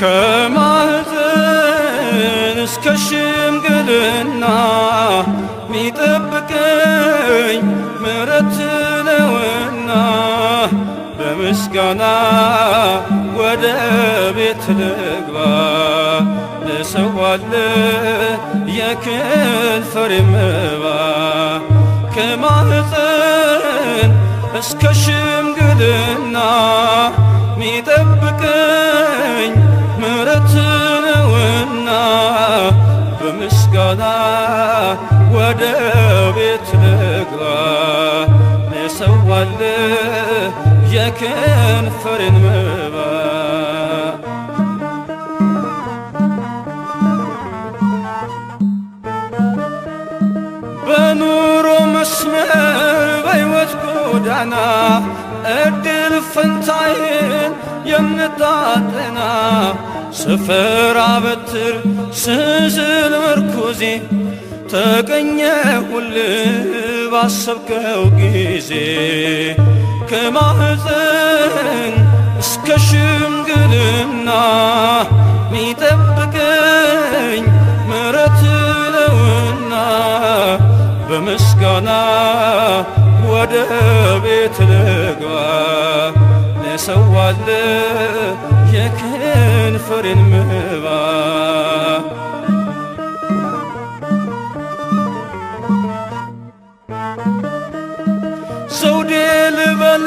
ከማህፀን እስከ ሽምግልና ሚጠብቀኝ ምረት ነውና በምስጋና ወደ ቤት ልግባ ልሰዋል የከንፈር መባ ከማህፀን እስከ ሽምግልና ወደ ቤት ልግባ ልሰዋል የከንፈሬን መባ በኑሮ መስመር በሕይወት ጎዳና እድል ፈንታዬን የምታጠና ስፈራ በትር ስዝል መርኩዜ ሁል ባሰብከው ጊዜ ከማህፀን እስከ ሽምግልና ሚጠብቀኝ ምረት ነውና በምስጋና ወደ ቤት ልግባ ለሰዋለ የክንፈሬን ምን ልበል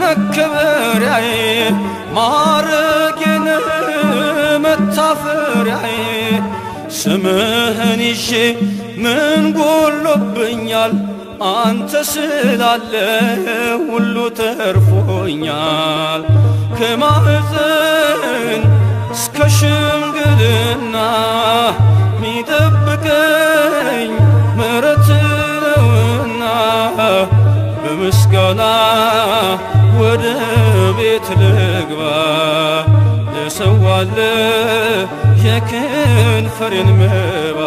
መከበሪያዬ ማረጌን መታፈሪያዬ ስምህን ይዤ ምን ጎሎብኛል አንተ ስላለ ሁሉ ተርፎኛል ከማዕዘን እስከ ሽምግልና ልሆና ወደ ቤት ልግባ ልሰዋለ የከንፈሬን መባ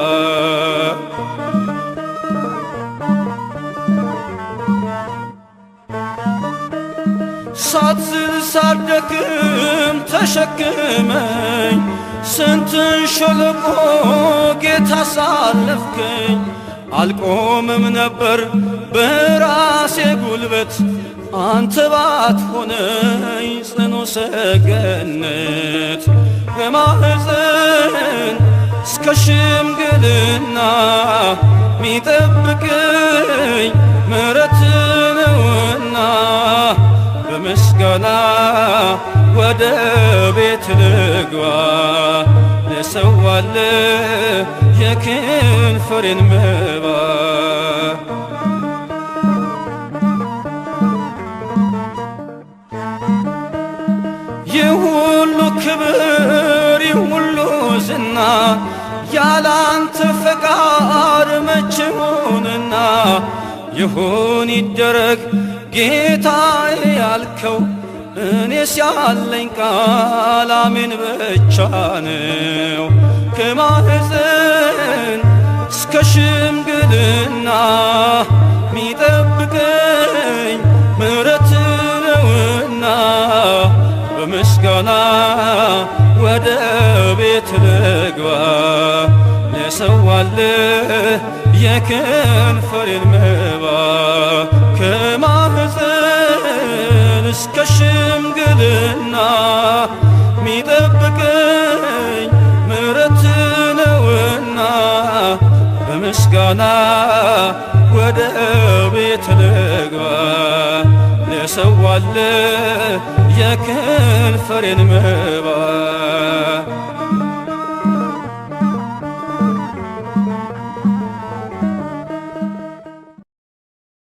ሳትዝል ሳትደክም ተሸክመኝ ስንትን ሸለቆ ጌታ ሳለፍከኝ አልቆምም ነበር በራሴ ጉልበት አንተ ባትሆነኝ ጽኑ ሰገነት ከማህፀን እስከ ሽምግልና ሚጠብቅኝ ምሕረት ነውና በምስጋና ወደ ቤት ልግባ ለሰዋለ የከንፈሬን መባ የሁሉ ክብር የሁሉ ዝና ያላንተ ፈቃድ መቼ ይሁን ይደረግ ጌታዬ ያልከው እኔ ሲያለኝ ቃል አሜን ብቻ ነው ከማህፀን የምጠብቀኝ ምሕረት ነውና በምስጋና ወደ ቤት ልግባ ልሰዋልህ የከንፈሬን መባ ከማህፀን እስከ ሽምግልና ምስጋና ወደ ቤት ልግባ ልሰዋል የከንፈሬን መባ